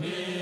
bi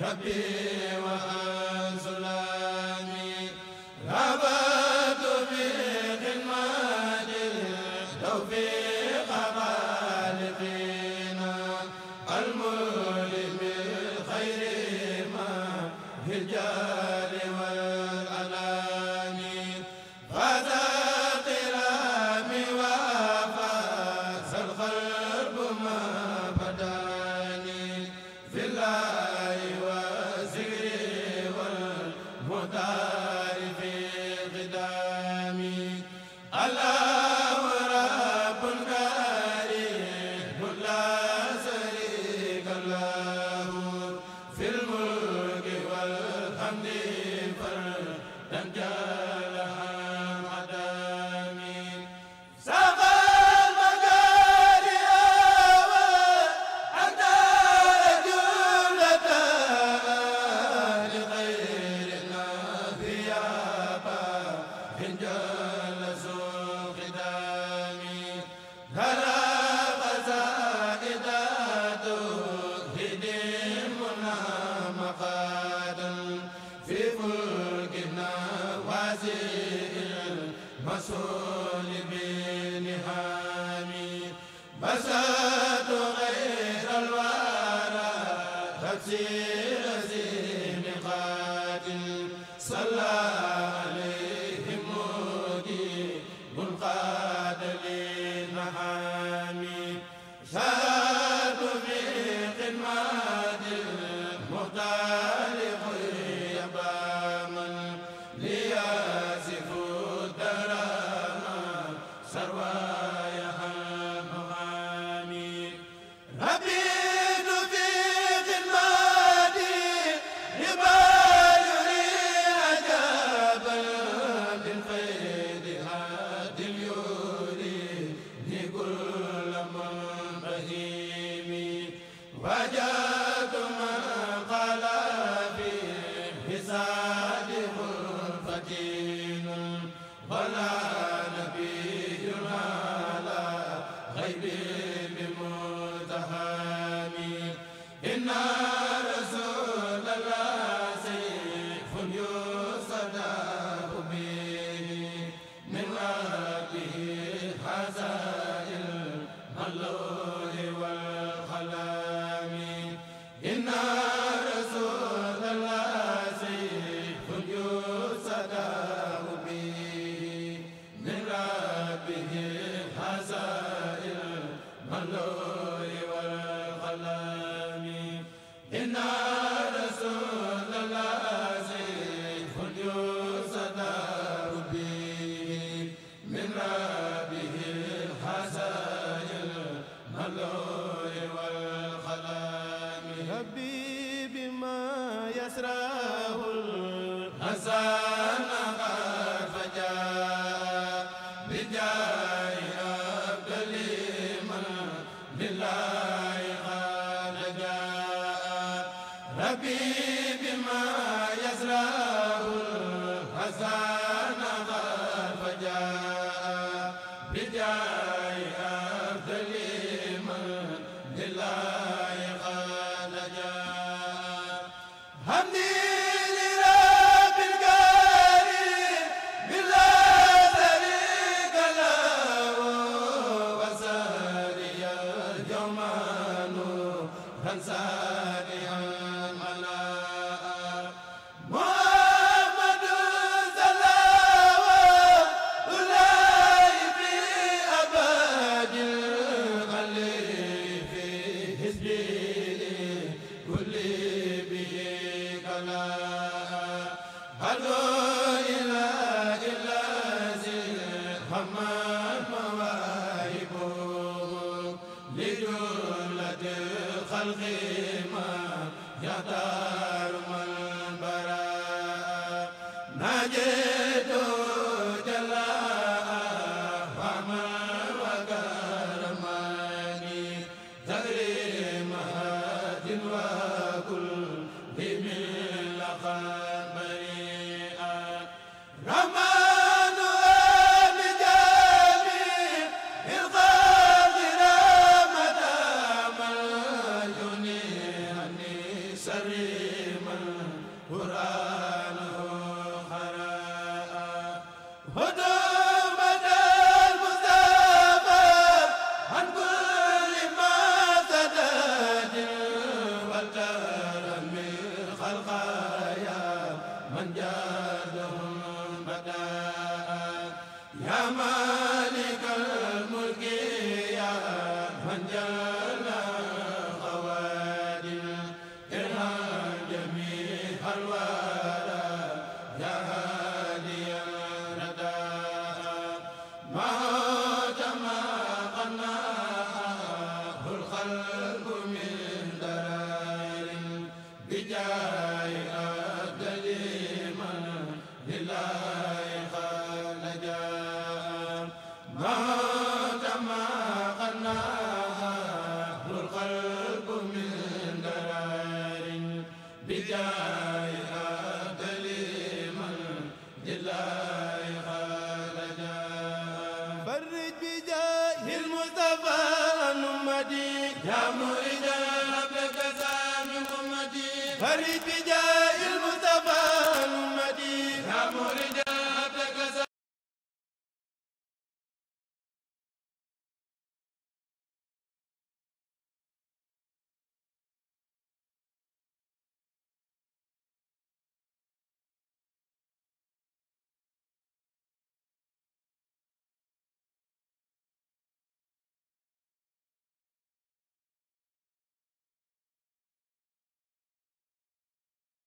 rabbi wa basul bi nihaami la hurra